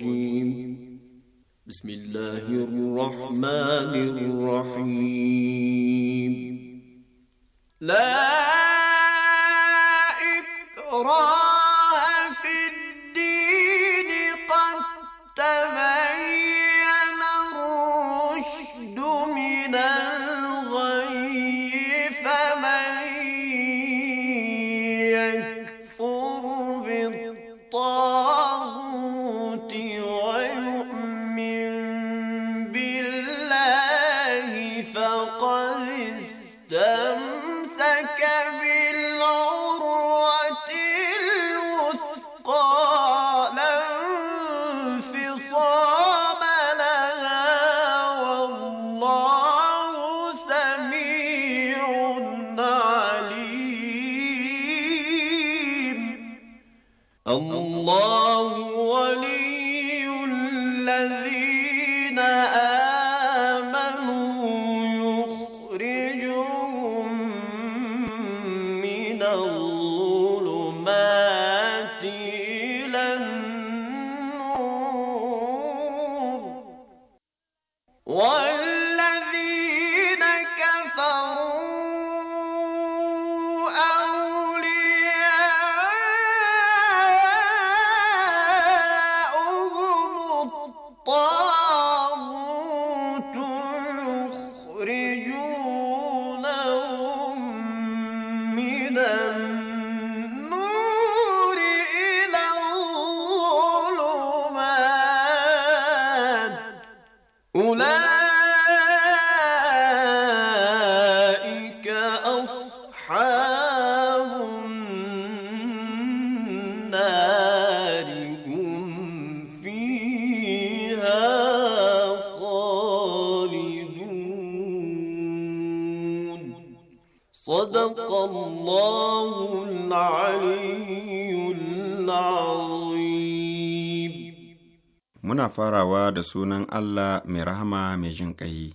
الرجيم بسم الله الرحمن الرحيم لا إكراه أصحاب النار هم فيها خالدون صدق الله العلي muna farawa da sunan Allah mai rahama mai jin ƙai.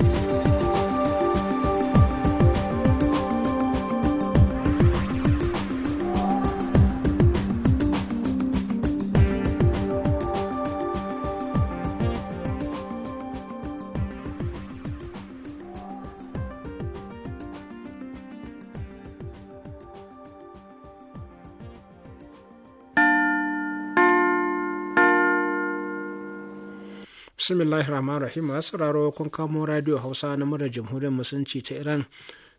bismillahir rahman rahim a sauraro kun kamo radio hausa na murar jamhuriyar musulunci ta iran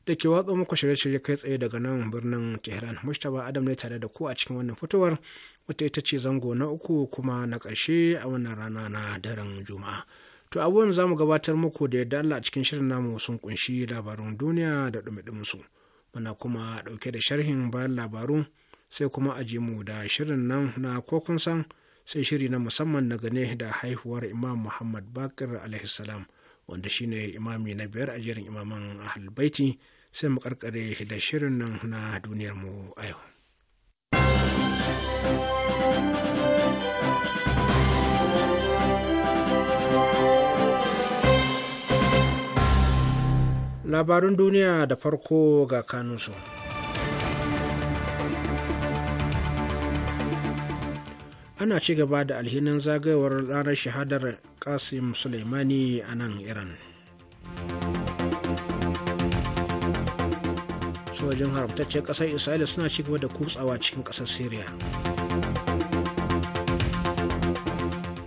da ke watsa muku shirye-shirye kai tsaye daga nan birnin tehran mustapha adam ne tare da ku a cikin wannan fitowar wata ita ce zango na uku kuma na ƙarshe a wannan rana na daren juma'a to abubuwan za mu gabatar muku da yadda allah a cikin shirin namu sun kunshi labarun duniya da ɗumi su muna kuma ɗauke da sharhin bayan labaru sai kuma a mu da shirin nan na ko kun san sai shiri na musamman na gane da haihuwar imam muhammad bakir alaihissalam wanda shine imami na biyar a jerin imaman ahalbaiti sai mu karkare da shirin nan na duniyar mu a yau labarun duniya da farko ga kanunsu. ana ci gaba da alhinin zagayowar ranar shahadar kasim suleimani a nan iran sojojin haramtacciyar kasar isra'ila suna ci gaba da kutsawa cikin ƙasar syria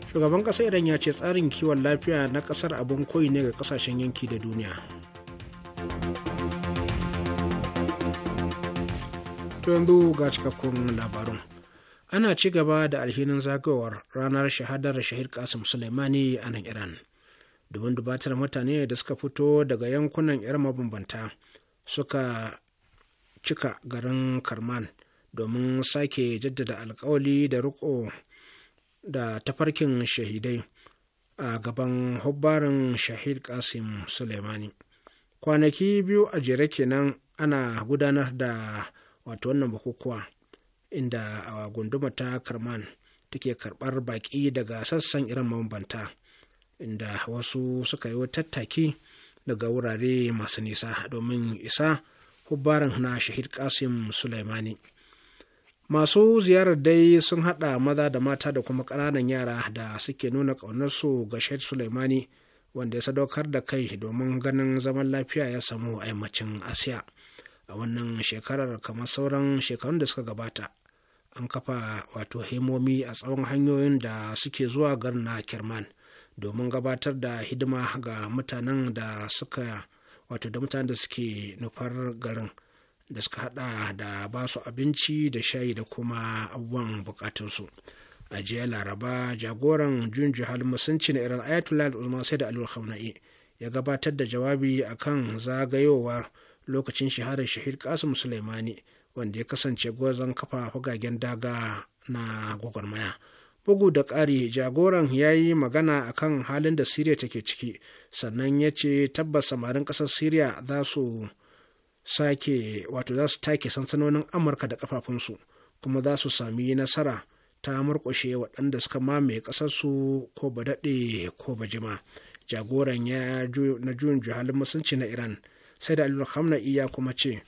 shugaban ƙasar iran ya ce tsarin kiwon lafiya na ƙasar abin koyi ne ga ƙasashen yanki da duniya to yanzu ga cikakkun labarun ana ci gaba da alhinin zagawar ranar shahadar shahid kasim suleimani a nan iran domin dubatar mutane da suka fito daga yankunan yar mabambanta suka cika garin karman domin sake jaddada alkawali da riko da tafarkin shahidai a gaban hubbarin shahid kasim suleimani kwanaki biyu a jere kenan ana gudanar da wato wannan bukukuwa inda a gunduma ta karman take karbar baki daga sassan irin mabambanta inda wasu suka yi tattaki daga wurare masu nisa domin isa hubbaran na shahid kasim sulaimani masu ziyarar dai sun hada maza da mata da kuma kananan yara da suke nuna ƙaunarsu ga shahid sulaimani wanda ya sadaukar da kai domin ganin zaman lafiya ya samu aimacin asiya a wannan shekarar kamar sauran shekarun da suka gabata an kafa wato hemomi a tsawon hanyoyin da suke zuwa garin na kirman domin gabatar da hidima ga mutanen da suka wato da mutanen da suke nufar garin da suka hada da ba su abinci da shayi da kuma abubuwan bukatunsu a jiya laraba jagoran junji halmusanci na iran ayatollah Usman, sai da alwar khamenei ya gabatar da jawabi akan zagayowar lokacin shaharar shahid kasim sulaimani wanda ya kasance gwazon kafa fagagen daga na gwagwarmaya bugu da ƙari jagoran ya yi magana akan halin da siriya take ciki sannan ya ce tabbas samarin ƙasar siriya za su sake wato za su take sansanonin amurka da kafafunsu kuma za su sami nasara ta murƙushe waɗanda suka mamaye ƙasarsu ko ba daɗe ko ba jima jagoran ya na juyin juhalin musulunci na iran sai da aliyu ya kuma ce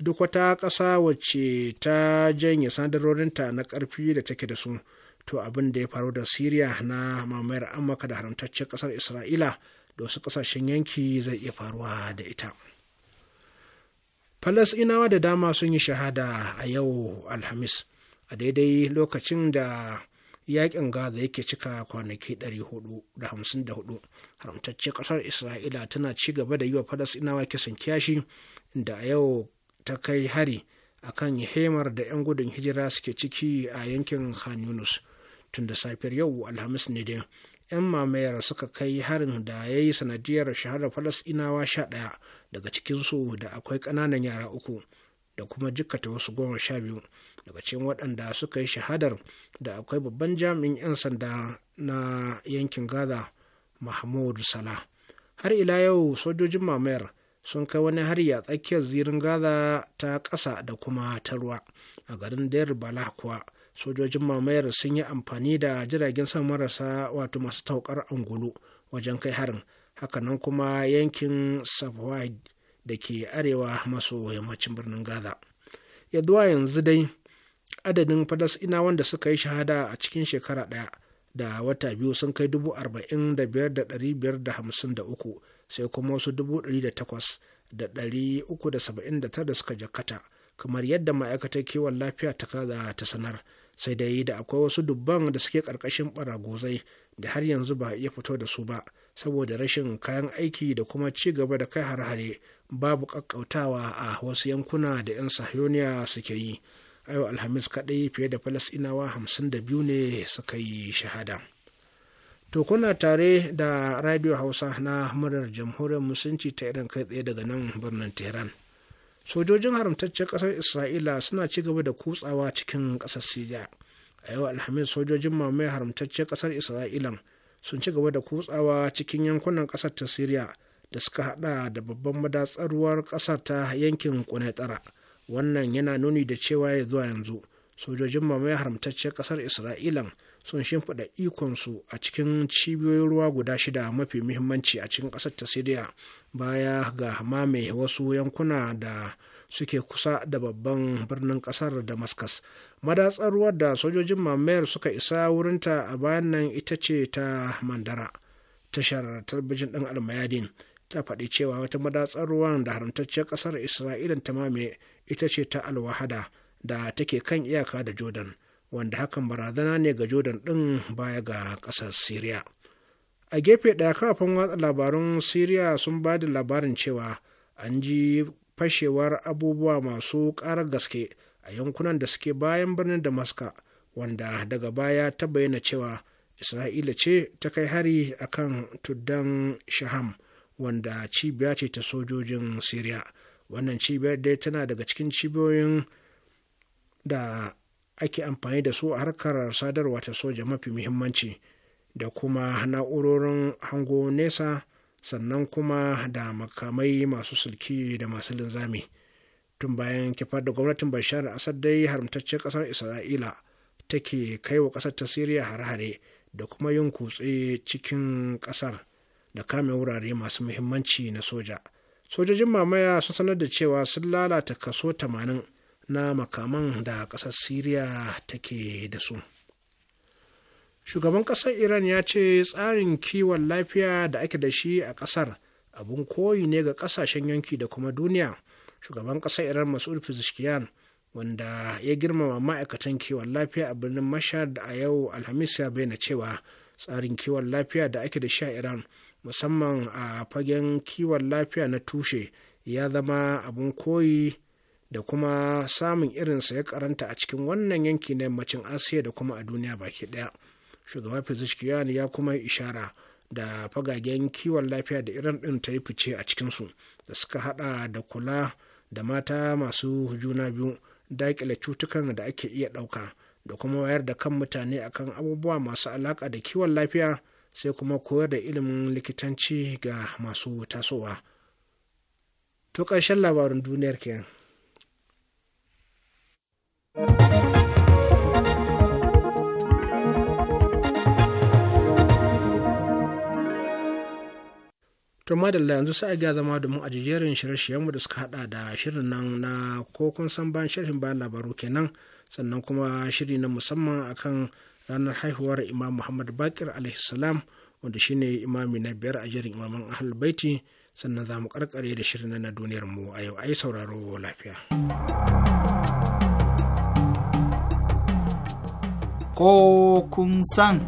duk wata ƙasa wacce ta janye sandarorinta na ƙarfi da take da su to abin da ya faru da siriya na mamayar amurka da haramtaccen ƙasar isra'ila da wasu ƙasashen yanki zai iya faruwa da ita falasɗinawa da dama sun yi shahada a yau alhamis a daidai lokacin da yakin gaza yake cika kwanaki 454 haramtacce ƙasar isra'ila tana ci gaba da yi wa falasinawa kisan kiyashi da a yau ta kai hari a kan hemar da 'yan gudun hijira suke ciki a yankin khan yunus tun da safiyar yau alhamis ne dai 'yan mamayar suka kai harin da ya yi sanadiyar shahara falasɗinawa sha ɗaya daga cikinsu da akwai ƙananan yara uku da kuma jikkata wasu goma sha biyu daga cikin waɗanda suka yi shahadar da akwai babban jami'in 'yan sanda na yankin gaza mahmud salah har ila yau sojojin mamayar sun kai wani hari a tsakiyar zirin gaza ta ƙasa da kuma ta ruwa a garin Deir Bala kuwa sojojin mamayar sun yi amfani da jiragen sama marasa wato masu taukar angulu wajen kai harin hakanan kuma yankin safwad da ke arewa maso yammacin birnin gaza yaduwa yanzu dai adadin falasina wanda suka yi shahada a cikin shekara ɗaya da wata biyu sun kai dubu arba'in da biyar da ɗari biyar da hamsin da uku sai kuma wasu dubu ɗari da takwas da ɗari uku da saba'in da tara suka jakata kamar yadda ma'aikatar kiwon lafiya ta kaza ta sanar sai dai da akwai wasu dubban da suke ƙarƙashin ɓaragozai da har yanzu ba iya fito da su ba saboda rashin kayan aiki da kuma ci gaba da kai har-hare babu ƙaƙƙautawa a wasu yankuna da 'yan sahiyoniya suke yi ayo alhamis kaɗai fiye da falasɗinawa hamsin da biyu ne suka yi shahada. To kuna tare da Radio Hausa na murar Jamhuriyar Musulunci ta irin kai tsaye daga nan birnin Tehran. Sojojin haramtaccen ƙasar Isra'ila suna ci gaba da kutsawa cikin ƙasar Siriya. A yau Alhamis sojojin mamaye haramtaccen ƙasar Isra'ilan sun ci gaba da kutsawa cikin yankunan ƙasar ta Siriya da suka hada da babban madatsarwar ƙasar ta yankin kunetara Wannan yana nuni da cewa ya zuwa yanzu sojojin mamaye haramtaccen ƙasar Isra'ilan sun shimfiɗa ikonsu a cikin cibiyoyin ruwa guda shida mafi muhimmanci a cikin ƙasar ta siriya baya ga mame wasu yankuna da suke kusa da babban birnin ƙasar damascus madatsar ruwa da sojojin mamayar suka isa wurinta a bayan nan ita ce ta mandara tashar talbijin ɗin almayadin ta faɗi cewa wata madatsar ruwan da haramtacciyar ƙasar isra'ila ta mame ita ce ta alwahada da take kan iyaka da jordan wanda hakan barazana ne ga jordan ɗin baya ga ƙasar syria a gefe ɗaya kafin watsa labarun syria sun ba da labarin cewa an ji fashewar abubuwa masu ƙarar gaske a yankunan da suke bayan birnin damaska wanda daga baya ta bayyana cewa isra'ila ce ta kai hari a kan tuddan shaham wanda cibiya ce ta sojojin syria wannan cibiyar dai tana daga cikin cibiyoyin da ake amfani da su a harkar sadarwa ta soja mafi muhimmanci da kuma na'urorin hango nesa sannan kuma da makamai masu sulki da masu linzami tun bayan kifar da gwamnatin bashar asad dai haramtaccen kasar isra'ila take kai wa kasar ta siriya hare-hare da kuma yin kutse cikin kasar da kame wurare masu muhimmanci na soja sojojin mamaya sun sanar da cewa sun lalata kaso 80 na makaman da ƙasar Siriya take da su. Shugaban ƙasar Iran ya ce tsarin kiwon lafiya da ake da shi a ƙasar abun koyi ne ga ƙasashen yanki da kuma duniya. Shugaban ƙasar Iran Masud Pezeshkian wanda ya girmama ma'aikatan kiwon lafiya a birnin Mashhad a yau Alhamis ya bayyana cewa tsarin kiwon lafiya da ake da shi a Iran musamman a fagen kiwon lafiya na tushe ya zama abun koyi da kuma samun irinsa ya karanta a cikin wannan yanki na yammacin asiya da kuma a duniya baki ɗaya shugaban fizikiyani ya kuma ishara da fagagen kiwon lafiya da irin din ta yi fice a cikinsu da suka haɗa da kula da mata masu juna biyu daƙile cutukan da ake iya ɗauka da kuma wayar da kan mutane akan abubuwa masu alaƙa da kiwon lafiya sai kuma koyar da ilimin likitanci ga masu tasowa to ƙarshen labarin duniyar kenan to madalla yanzu sai ga zama domin a jijerin shirye-shiryenmu da suka hada da shirin nan na ko kun san bayan sharhin bayan labaru kenan sannan kuma shiri na musamman akan ranar haihuwar imam muhammad bakir alaihi salam wanda shine imami na biyar a jerin imaman ahal baiti sannan za mu karkare da shirin na duniyar mu a yau ai sauraro lafiya ko kun san.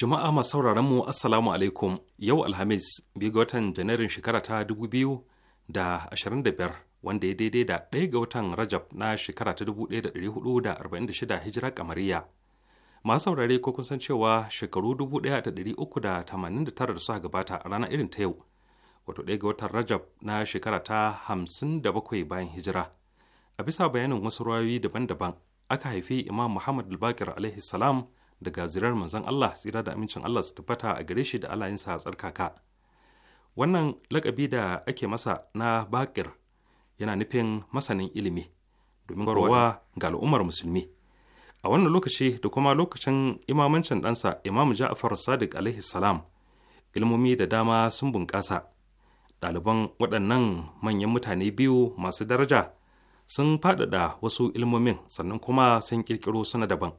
Jama'a masu sauraron mu Assalamu alaikum yau Alhamis biyu ga watan Janairun shekara ta dubu biyu da ashirin da biyar wanda ya daidai da ɗaya ga watan Rajab na shekara ta dubu ɗaya da ɗari hudu da arba'in da shida hijira kamariya. Masu saurare ko kun san cewa shekaru dubu ɗaya da ɗari uku da tamanin da tara da suka gabata a ranar irin ta yau wato ɗaya ga watan Rajab na shekara ta hamsin da bakwai bayan hijira. A bisa bayanin wasu rayoyi daban-daban aka haifi imam muhammad al-bakir alaihi salam daga zirar manzon allah tsira da amincin allah su tabbata a gare shi da alayinsa sa tsarkaka wannan lakabi da ake masa na bakir yana nufin masanin ilimi domin korowa ga al'ummar musulmi a wannan lokaci da kuma lokacin imamancin ɗansa imam ja'far sadiq alaihi salam ilmomi da dama sun bunƙasa ɗaliban waɗannan manyan mutane biyu masu daraja sun faɗaɗa wasu ilmomin sannan kuma sun ƙirƙiro suna daban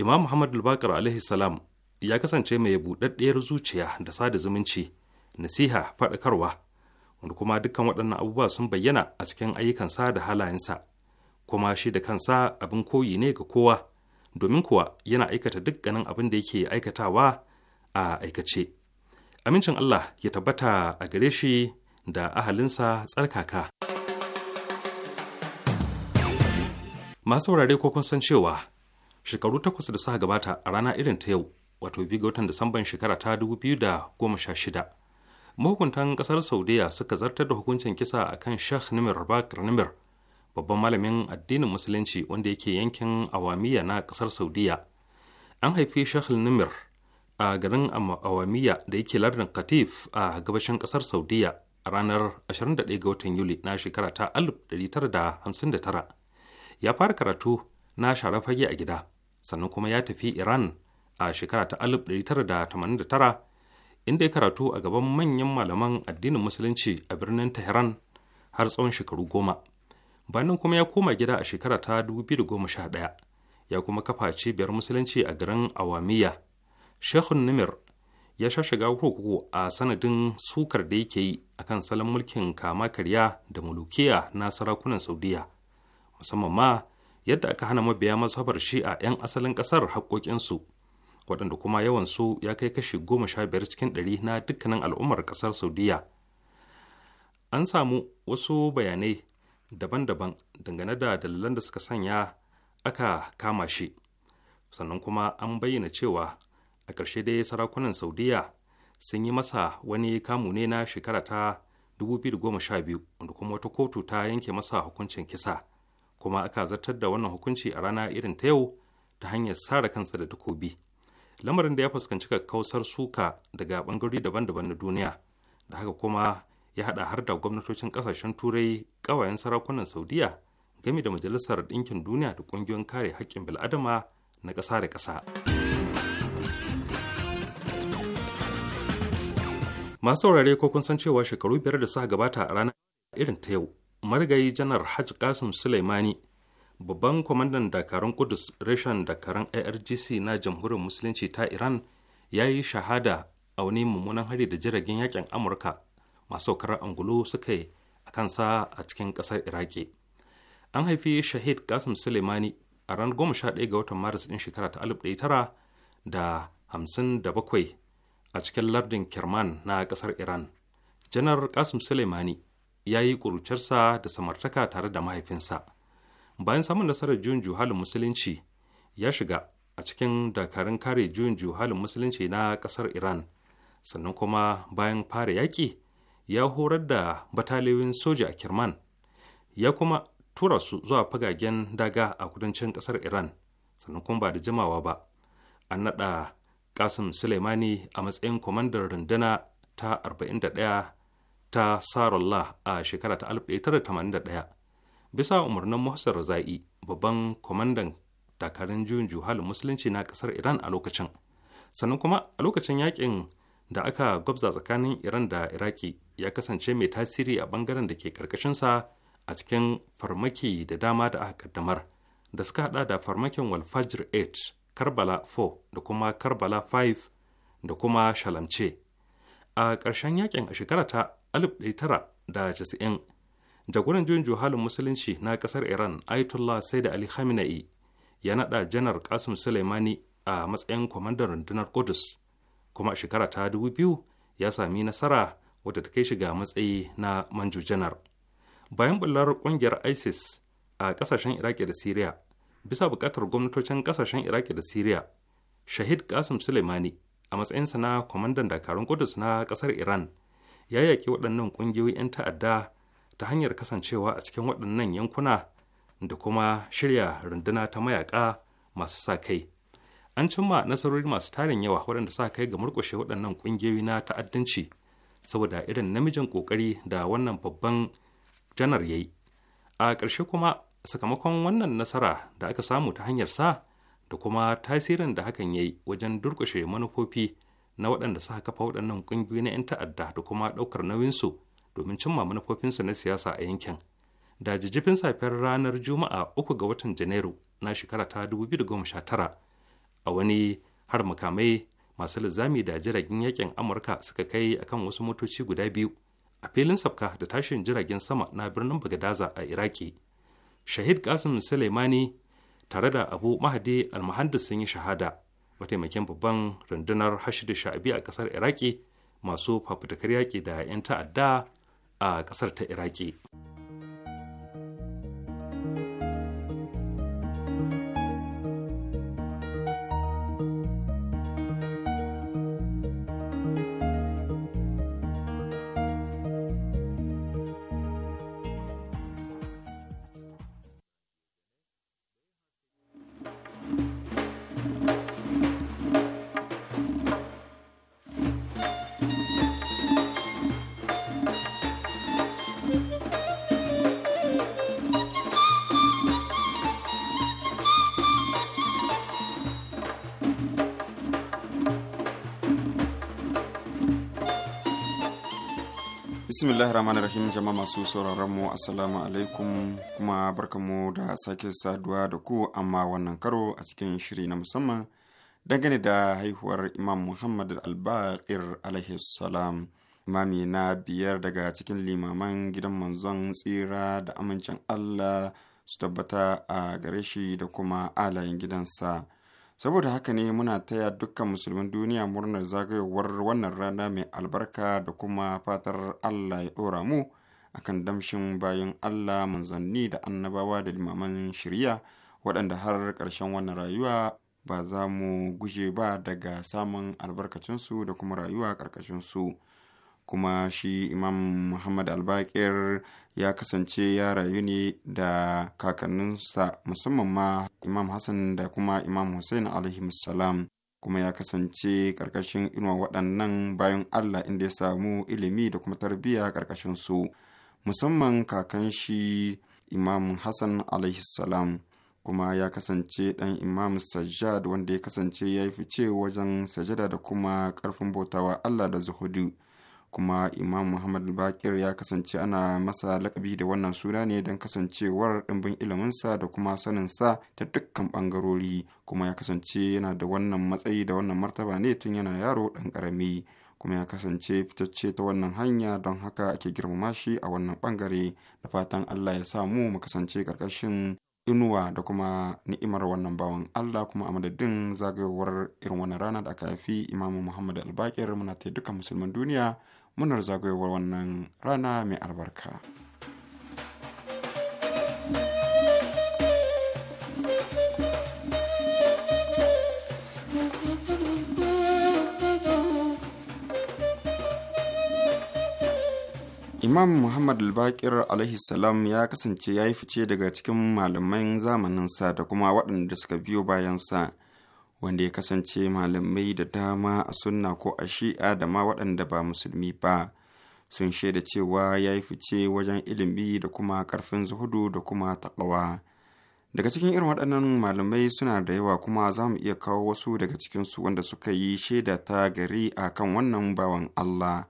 imam muhammad bakar alaihi salam ya kasance mai buɗaɗɗiyar zuciya da sada zumunci nasiha faɗakarwa wanda kuma dukkan waɗannan abubuwa sun bayyana a cikin ayyukansa da halayensa kuma shi da kansa abin koyi ne ga kowa domin kuwa yana aikata dukkanin abin da yake aikatawa a aikace amincin allah ya tabbata a gare shi da ahalinsa tsarkaka. masu wurare ko kun san cewa shekaru takwas da suka gabata a rana irin ta yau wato biyu ga watan disamban shekara ta dubu biyu da goma sha shida mahukuntan kasar saudiya suka zartar da hukuncin kisa a kan sheikh nimir bakar nimir babban malamin addinin musulunci wanda yake yankin awamiya na kasar saudiya an haifi sheikh nimir a garin awamiya da yake lardin katif a gabashin kasar saudiya a ranar 21 ga watan yuli na shekara ta 1959 ya fara karatu na share fage a gida sannan kuma ya tafi iran a shekara ta 1989 inda ya karatu a gaban manyan malaman addinin musulunci a birnin tehran har tsawon shekaru goma bayan kuma ya koma gida a shekara ta 2011 ya kuma kafa cibiyar musulunci a garin awamiya shehun nimir ya sha shiga kurkuku a sanadin sukar da yake yi akan salon mulkin kama karya da mulukiya na sarakunan saudiya musamman ma yadda aka hana mabiya mazhabar a 'yan asalin ƙasar haƙoƙinsu waɗanda kuma yawansu ya kai kashi goma sha biyar cikin ɗari na dukkanin al'ummar ƙasar saudiyya an samu wasu bayanai daban-daban dangane da dalilan da suka sanya aka kama shi sannan kuma an bayyana cewa a ƙarshe dai sarakunan saudiyya sun yi masa wani kamu ne na shekara ta 2012 wanda kuma wata kotu ta yanke masa hukuncin kisa kuma aka zartar da wannan hukunci a rana irin ta yau ta hanyar sare kansa da takobi lamarin da ya fuskanci kakkausar suka daga bangarori daban-daban na duniya da haka kuma ya hada har da gwamnatocin kasashen turai kawayen sarakunan saudiya game da majalisar ɗinkin duniya da ƙungiyoyin kare haƙƙin bil'adama na ƙasa da ƙasa masu saurare ko kun san cewa shekaru biyar da suka gabata a ranar irin ta yau marigayi janar hajj kasim suleimani babban kwamandan dakarun kudus reshen dakarun irgc na jamhuriyar musulunci ta iran ya yi shahada a wani mummunan hari da jiragen yakin amurka masu saukar angulu suka yi a kansa a cikin kasar iraki an haifi shahid kasim suleimani a ran 11 ga watan maris din shekara ta 1957 a cikin lardin kirman na ƙasar iran janar kasim suleimani ya yi ƙuruciyarsa da samartaka tare da mahaifinsa bayan samun nasarar juyin juhalin musulunci ya shiga a cikin dakarun kare juyin juhalin musulunci na ƙasar iran sannan kuma bayan fara yaƙi ya horar da bataliyoyin soja a kirman ya kuma tura su zuwa fagagen daga a kudancin ƙasar iran sannan kuma ba da jimawa ba an naɗa kasim suleimani a matsayin kwamandar runduna ta 41 ta Sarullah a shekara ta 1981 bisa umarnin Muhsin Razai babban kwamandan dakarun juyin juhalin musulunci na kasar Iran a lokacin sannan kuma a lokacin yakin da aka gwabza tsakanin Iran da Iraki ya kasance mai tasiri a bangaren da ke karkashinsa a cikin farmaki da dama da aka kaddamar da suka hada da farmakin Walfajr 8 Karbala 4 da kuma Karbala 5 da kuma Shalamce a ƙarshen yakin a shekara ta 1990 jagoran juyin juhalin musulunci na kasar iran ayatollah saida ali khamenei ya nada janar kasim suleimani a matsayin kwamandan rundunar kudus kuma a shekara ta 2000 ya sami nasara wadda ta kai shi ga matsayi na manju janar bayan bullar kungiyar isis a kasashen iraki da siriya bisa bukatar gwamnatocin kasashen iraki da siriya shahid kasim suleimani a matsayinsa na kwamandan dakarun kudus na kasar iran ya yaƙi waɗannan ƙungiyoyi 'yan ta'adda ta hanyar kasancewa a cikin waɗannan yankuna da kuma shirya runduna ta mayaƙa masu sa kai an cimma nasarori masu tarin yawa waɗanda sa kai ga murƙushe waɗannan ƙungiyoyi na ta'addanci saboda irin namijin ƙoƙari da wannan babban janar ya yi a ƙarshe kuma sakamakon wannan nasara da aka samu ta hanyar sa da kuma tasirin da hakan ya yi wajen durƙushe manufofi na waɗanda suka kafa waɗannan ƙungiyoyi na 'yan ta'adda da kuma ɗaukar nauyinsu domin cimma manufofinsu na siyasa a yankin da jijjifin safiyar ranar juma'a 3 ga watan janairu na shekara ta 2019 a wani har makamai masu lizami da jiragen yakin amurka suka kai akan wasu motoci guda biyu a filin sabka da tashin jiragen sama na birnin bagadaza a iraki shahid kasim suleimani tare da abu mahadi almuhandis sun yi shahada mataimakin babban rundunar hashida sha'abi a kasar iraki masu fafutukar yaƙi da 'yan ta'adda a kasar ta iraki. bismillahir rahmanir rahim jama'a masu sauraron mu assalamu alaikum kuma barkamu da sake saduwa da ku amma wannan karo a cikin shiri na musamman dangane da haihuwar imam muhammad al-baqir alaihi salam imami na biyar daga cikin limaman gidan manzon tsira da amincin allah su tabbata a gare shi da kuma alayin gidansa saboda haka ne muna taya dukkan musulmin duniya murnar zagayowar wannan rana mai albarka da kuma fatar allah ya ɗora mu akan damshin bayan allah manzanni da annabawa da limaman shirya waɗanda har ƙarshen wannan rayuwa ba za mu guje ba daga samun albarkacinsu da kuma rayuwa ƙarƙashinsu kuma shi imam muhammad albakir ya kasance ya rayu ne da kakanninsa musamman ma imam hassan da kuma imam hussein alaihimussalam kuma ya kasance karkashin inuwa waɗannan bayan allah inda ya samu ilimi da kuma tarbiyya karkashin su musamman kakan shi imam hassan alaihissalam kuma ya kasance ɗan imam sajjad wanda ya kasance ya yi fice wajen sajada da kuma ƙarfin bautawa allah da zuhudu kuma imam muhammad bakir ya kasance ana masa lakabi da wannan suna ne don kasancewar ɗimbin iliminsa da kuma saninsa ta dukkan ɓangarori kuma ya kasance yana da wannan matsayi da wannan martaba ne tun yana yaro ɗan ƙarami kuma ya kasance fitacce ta wannan hanya don haka ake girmama shi a wannan ɓangare da fatan allah ya samu mu kasance ƙarƙashin inuwa da kuma ni'imar wannan bawan Allah kuma a madadin zagayowar irin wannan rana da aka haifi Imamu Muhammad Albakir muna ta dukkan musulman duniya munar zagayowar wannan rana mai albarka. imam muhammad al salam ya kasance ya yi fice daga cikin malaman zamaninsa da kuma waɗanda suka biyo bayan sa wanda ya kasance malamai da dama a sunna ko a shi'a da ma waɗanda ba musulmi ba sun shaida cewa ya yi fice wajen ilimi da kuma ƙarfin zuhudu da kuma taɓawa daga cikin irin waɗannan malamai suna da yawa kuma za mu iya kawo wasu daga cikin su wanda suka yi shaida ta gari a kan wannan bawan allah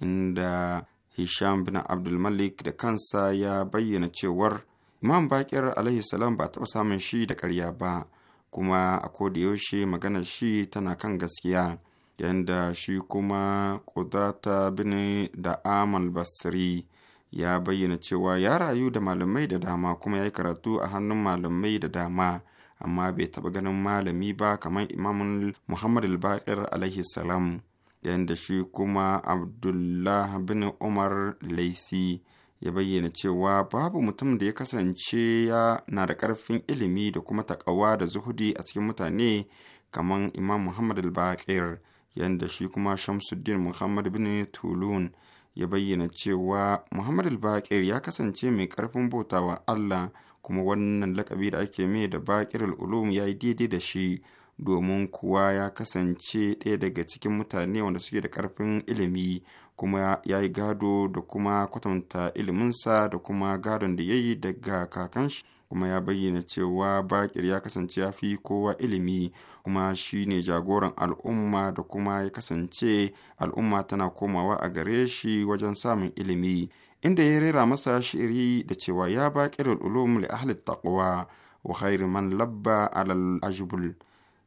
inda hisham bin abdulmalik da kansa ya bayyana cewar imam bakir alaihi salam ba taɓa samun shi da ƙarya ba kuma a yaushe magana shi tana kan gaskiya yadda shi kuma kudata bin da amal basri ya bayyana cewa ya rayu da malamai da dama kuma ya yi karatu a hannun malamai da dama amma bai taɓa ganin malami ba kamar imamun muhammad al-baqir alaihi salam yadda shi kuma abdullah bin umar laisi ya bayyana cewa babu mutum da ya kasance ya na da ƙarfin ilimi da kuma takawa da zuhudi a cikin mutane kamar imam muhammad al-baqir yadda shi kuma shamsuddin muhammad bin tulun ya bayyana cewa muhammad al-baqir ya kasance mai ƙarfin bautawa allah kuma wannan lakabi da ake mai da baƙir al-ulum ya yi daidai da shi domin kuwa ya kasance ɗaya daga cikin mutane wanda suke da ƙarfin ilimi kuma ya yi gado da kuma kwatanta iliminsa da kuma gadon da ya yi daga kakanshi kuma ya bayyana cewa bakir ya kasance ya fi kowa ilimi kuma shi ne jagoran al'umma da kuma ya kasance al'umma tana komawa a gare shi wajen samun ilimi inda ya rera masa shiri da cewa ya bakir ulum li ahli taqwa wa man labba alal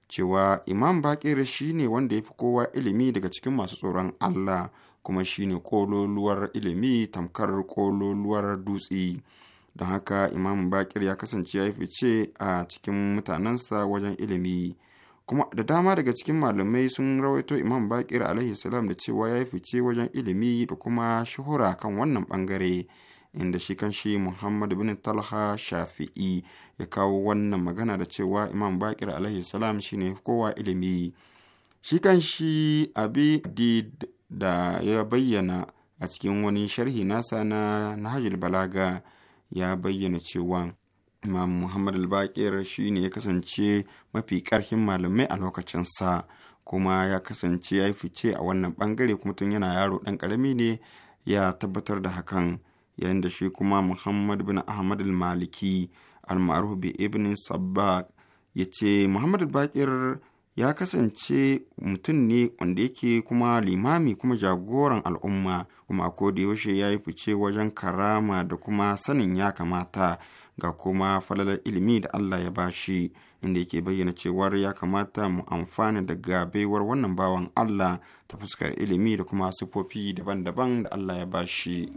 cewa imam bakir ne wanda ya fi kowa ilimi daga cikin masu tsoron Allah kuma shine kololuwar ilimi tamkar kololuwar dutse don haka imam bakir ya kasance ya fice a cikin mutanensa wajen ilimi kuma da dama daga cikin malamai sun rawaito imam bakir alaihi salam da cewa ya fice wajen ilimi da kuma shuhura kan wannan bangare inda shi kanshi muhammad bin talha shafi'i ya kawo wannan magana da cewa imam bakir alaihi salam shine kowa ilimi shi kanshi abi did da ya bayyana a cikin wani sharhi nasa na Nahajul Balaga ya bayyana cewa Imam Muhammad al shi ne ya kasance mafi ƙarfin malamai a lokacinsa kuma ya kasance ya yi fice a wannan bangare kuma tun yana yaro ɗan karami ne ya tabbatar da hakan yayin da shi kuma Muhammad bin Ahmad al-Maliki al bi Ibn ya ce Muhammad al ya kasance mutum ne wanda yake kuma limami kuma jagoran al'umma kuma ko da yaushe ya yi fice wajen karama da kuma sanin ya kamata ga kuma falalar ilimi da Allah ya bashi inda yake bayyana cewar ya kamata mu amfana daga baiwar wannan bawan Allah ta fuskar ilimi da kuma sufofi daban-daban da Allah ya bashi.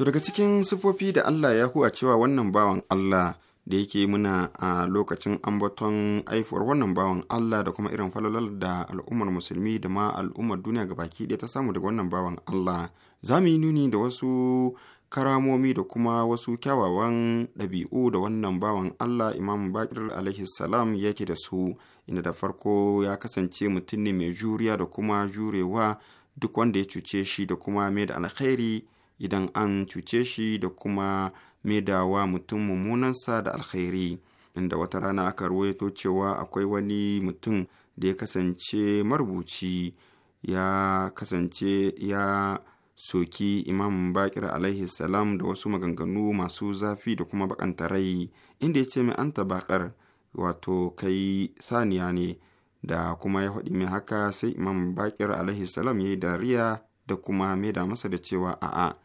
To daga cikin sufofi da Allah ya huwa cewa wannan bawan Allah da yake muna a lokacin ambaton aifuwar wannan bawan Allah da kuma irin falalar da al'ummar musulmi da ma al'ummar duniya ga baki ɗaya ta samu daga wannan bawan Allah za mu yi nuni da wasu karamomi da kuma wasu kyawawan ɗabi'u da wannan bawan Allah imamu Bakir alaihi salam yake da su inda da farko ya kasance mutum ne mai juriya da kuma jurewa duk wanda ya cuce shi da kuma mai da alkhairi idan an cuce shi da kuma maidawa mutum mummunansa da alkhairi inda wata rana aka ruwaito cewa akwai wani mutum da ya kasance marubuci ya kasance ya soki imam bakir alaihi salam da wasu maganganu masu zafi da kuma bakanta rai inda ya ce mai an tabakar wato kai saniya ne da kuma ya faɗi mai haka sai imam bakir alaihi salam ya yi dariya da kuma maida masa da cewa a'a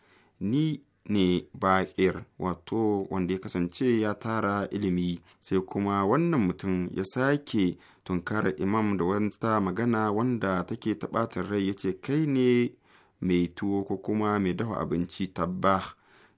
ni ne baƙir wato wanda ya kasance ya tara ilimi sai kuma wannan mutum ya sake tunkara imam da wata magana wanda take taɓatar rai ya ce kai ne mai tuwo ko kuma mai dafa abinci tabba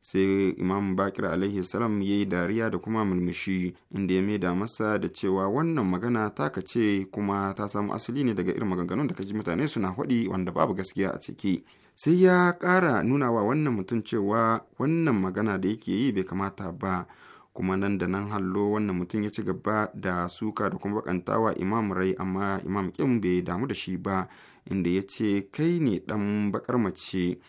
sai imam Baƙir alaihi salam ya yi dariya da kuma mulmushi inda ya maida masa da cewa wannan magana ta ce kuma ta samu asali ne daga irin maganganun da ka ji mutane suna faɗi wanda babu gaskiya a ciki sai ya kara nuna wa wannan mutum cewa wannan magana da yake yi bai kamata ba kuma nan da nan hallo wannan mutum ya ci gaba da suka da kuma bakantawa imam rai amma imam kim bai damu da shi ba inda ya ce kai ne dan bakar mace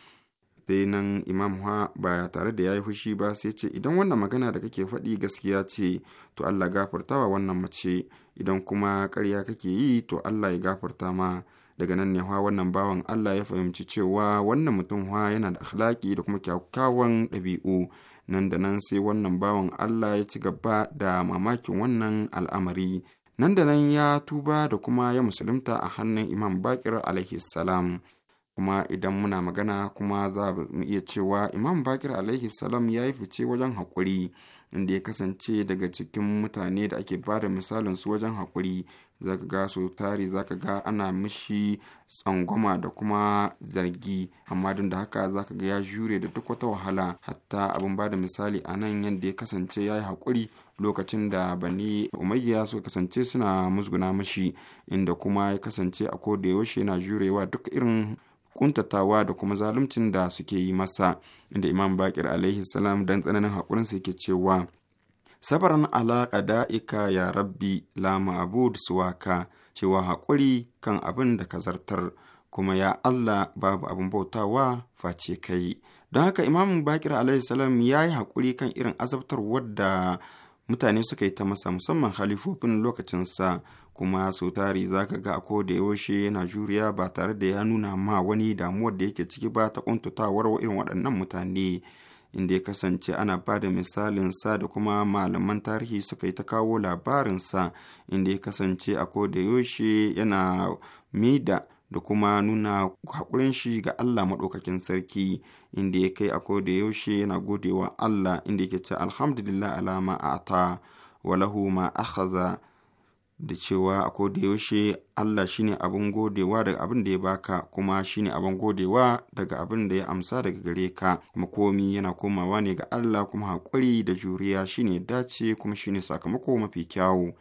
sai nan imam ha ba tare da ya yi fushi ba sai ce idan wannan magana da kake faɗi gaskiya ce to allah wa wannan mace idan kuma karya kake yi to allah ya gafarta ma daga nan ne wannan bawan Allah ya fahimci cewa wannan mutum hawa yana da akhlaki da kuma kyakkyawan ɗabi'u nan da nan sai wannan bawan Allah ya ci gaba da mamakin wannan al'amari nan da nan ya tuba da kuma ya musulunta a hannun imam bakir alaihi salam kuma idan muna magana kuma za mu iya cewa imam bakir alaihi salam ya yi fice wajen haƙuri inda ya kasance daga cikin mutane da ake ba da misalin su wajen haƙuri zaka ga so tari zaka ga ana mishi tsangwama da kuma zargi amma don da haka zaka ga ya jure da duk wata wahala hatta abin ba da misali a nan yadda ya kasance ya yi haƙuri lokacin da bani umayya suka kasance suna musguna mashi inda kuma ya kasance a koda yaushe yana jurewa duk irin kuntatawa da kuma zaluncin da suke yi masa inda imam bakir alaihi salam dan tsananin haƙurinsa yake cewa sabaran alaƙa da'ika ya rabbi la Abud suwaka cewa haƙuri kan abin da ka zartar kuma ya Allah babu abin bautawa face kai don haka imamu bakir alaihi salam ya yi haƙuri kan irin azabtar wadda mutane suka yi ta masa musamman halifofin lokacinsa kuma sau tari za ka ga ko da yaushe yana juriya ba tare da ya nuna ma wani damuwar da yake ciki ba ta ƙuntatawar irin waɗannan mutane inda ya kasance ana ba da sa da kuma malaman tarihi suka yi ta kawo labarin sa inda ya kasance a da yaushe yana mida da kuma nuna haƙurin shi ga Allah maɗaukakin sarki inda ya kai a da yaushe yana godewa Allah inda yake ce alhamdulillah alama a ta walahu ma akhaza da cewa a yaushe Allah shine abin godewa daga abin da ya baka kuma shine abin godewa daga abin da ya amsa daga gare ka kuma komi yana komawa ne ga Allah kuma haƙuri da juriya shine dace kuma shine sakamako mafi kyawu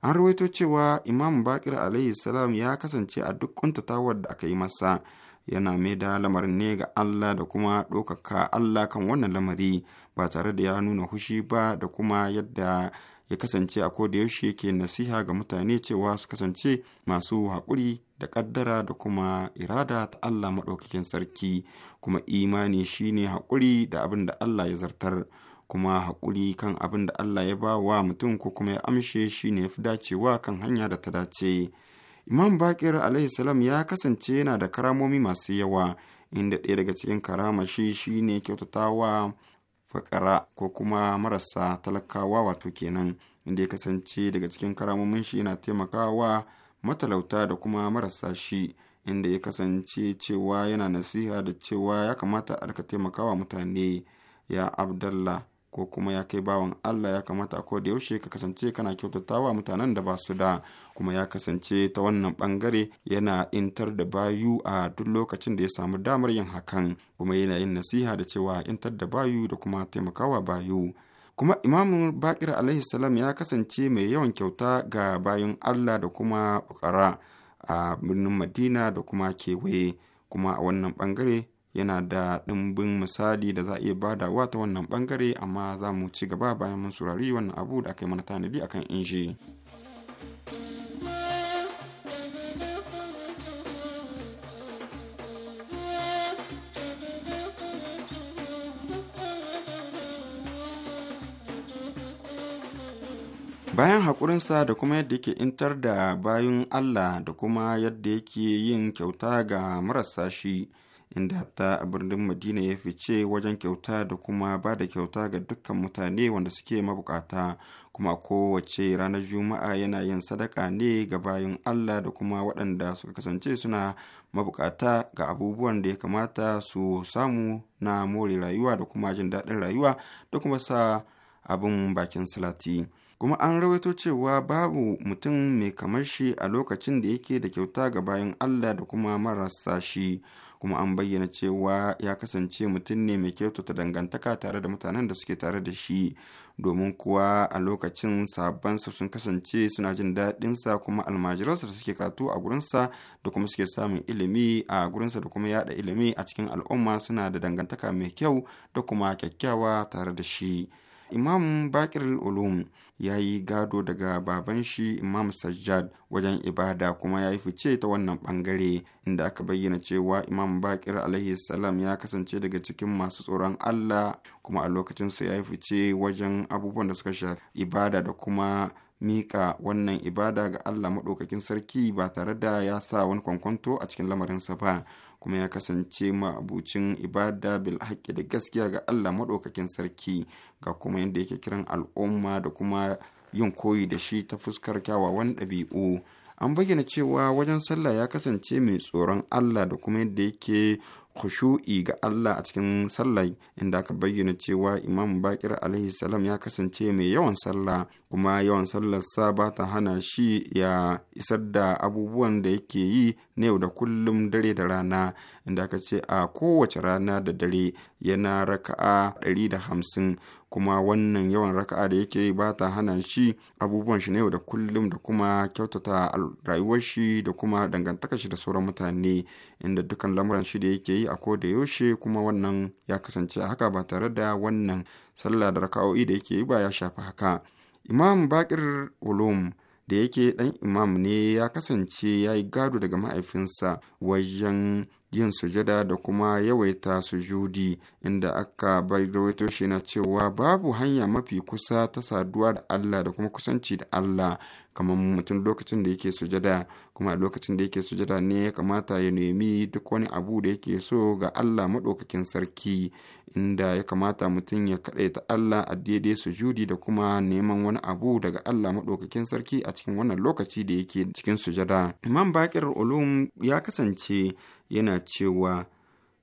an rawaito cewa imam bakir alaihi salam ya kasance a duk kuntatawar da aka yi masa yana mai da lamarin ne ga Allah da kuma ɗaukaka Allah kan wannan lamari ba tare da ya nuna hushi ba da kuma yadda ya kasance a ko da yaushe yake nasiha ga mutane cewa su kasance masu haƙuri da ƙaddara da kuma irada ta Allah maɗaukakin sarki kuma imani shine haƙuri da abin da Allah ya zartar kuma haƙuri kan abin da Allah ya ba wa mutum ko kuma ya amshe shine ya fi dacewa kan hanya da ta dace imam bakir alaihi salam ya kasance yana da karamomi masu yawa inda ɗaya daga cikin karama shi shine kyautatawa fakara ko kuma marasa talakawa wato kenan inda ya kasance daga cikin karamomin shi yana taimakawa matalauta da kuma marasa shi inda ya kasance cewa yana nasiha da cewa ya kamata a taimakawa mutane ya abdallah ko kuma ya kai bawan Allah ya kamata ko da yaushe ka kasance kana kyautatawa mutanen da ba su da kuma ya kasance ta wannan bangare yana intar da bayu a duk lokacin da ya samu damar yin hakan kuma yana yin nasiha da cewa intar da bayu da kuma taimakawa bayu kuma imamu bakir alaihi salam ya kasance mai yawan kyauta ga bayan allah da kuma bukara a birnin madina da kuma kewaye kuma a wannan bangare yana da ɗimbin misali da za a iya wa ta wannan bangare amma za mu ci gaba bayan mun saurari wannan abu da aka yi mana tanadi akan inji. bayan haƙurinsa da kuma yadda yake intar da bayan Allah da kuma yadda yake yin kyauta ga marasa shi inda hatta a birnin madina ya fice wajen kyauta da kuma ba da kyauta ga dukkan mutane wanda suke mabukata kuma kowace ranar juma'a yana yin sadaka ne ga bayan allah da kuma waɗanda suka kasance suna mabukata ga abubuwan da ya kamata su samu na more rayuwa da kuma jin daɗin rayuwa da kuma sa abin bakin salati. kuma an rawaito cewa babu mutum mai kamar shi a lokacin da yake da kyauta ga bayan Allah da kuma marasa shi kuma an bayyana cewa ya kasance mutum ne mai kyautata dangantaka tare da mutanen da suke tare da shi domin kuwa a lokacin sabansa sun kasance suna jin daɗinsa kuma almajiransa da suke karatu a gurinsa da kuma suke samun ilimi a gurinsa da kuma yada ilimi a cikin al'umma suna da dangantaka mai kyau da kuma kyakkyawa tare da shi Imam Bakir ulum ya yi gado daga baban shi Imam Sajjad wajen ibada kuma ya yi fice ta wannan bangare inda aka bayyana cewa Imam Bakir alaihi salam ya kasance daga cikin masu tsoron Allah kuma a lokacin lokacinsa ya yi fice wajen abubuwan da suka shafi ibada da kuma miƙa wannan ibada ga Allah maɗaukakin sarki ba tare da ya sa wani kwankwanto a cikin lamarinsa ba. kuma ya kasance ma ibada bil haƙƙi da gaskiya ga Allah maɗaukakin sarki ga kuma yadda yake kiran al'umma da kuma yin koyi da shi ta fuskar kyawawan ɗabi'u an bayyana cewa wajen sallah ya kasance mai tsoron Allah da kuma yadda yake khushu'i ga Allah a cikin sallah inda aka bayyana cewa Imam Bakir alaihi salam ya kasance mai yawan sallah kuma yawan sallarsa ba ta hana shi ya isar da abubuwan da yake yi na yau da kullum dare da rana inda aka ce a kowace rana da dare yana raka'a 150 kuma wannan yawan raka'a da yake ba ta hana shi abubuwan shi na yau da kullum da kuma kyautata rayuwar shi da kuma dangantaka shi da sauran mutane inda dukkan lamuran shi da yake yi a ko da yaushe kuma wannan ya kasance a haka ba tare da wannan sallah da raka'o'i da yake yi ba ya shafi haka imam bakir ulum da yake dan imam ne ya kasance ya yi gado daga mahaifinsa wajen yin sujada da kuma yawaita sujudi inda aka bari rawaito shi na cewa babu hanya mafi kusa ta saduwa da Allah da kuma kusanci da Allah kamar mutum lokacin da yake sujada kuma a lokacin da yake sujada ne ya kamata ya nemi duk wani abu da yake so ga Allah maɗaukakin sarki inda ya kamata mutum ya ta Allah a daidai sujudi da kuma neman wani abu daga Allah maɗaukakin sarki a cikin wannan lokaci da yake cikin sujada. Imam Bakir Ulum ya kasance yana cewa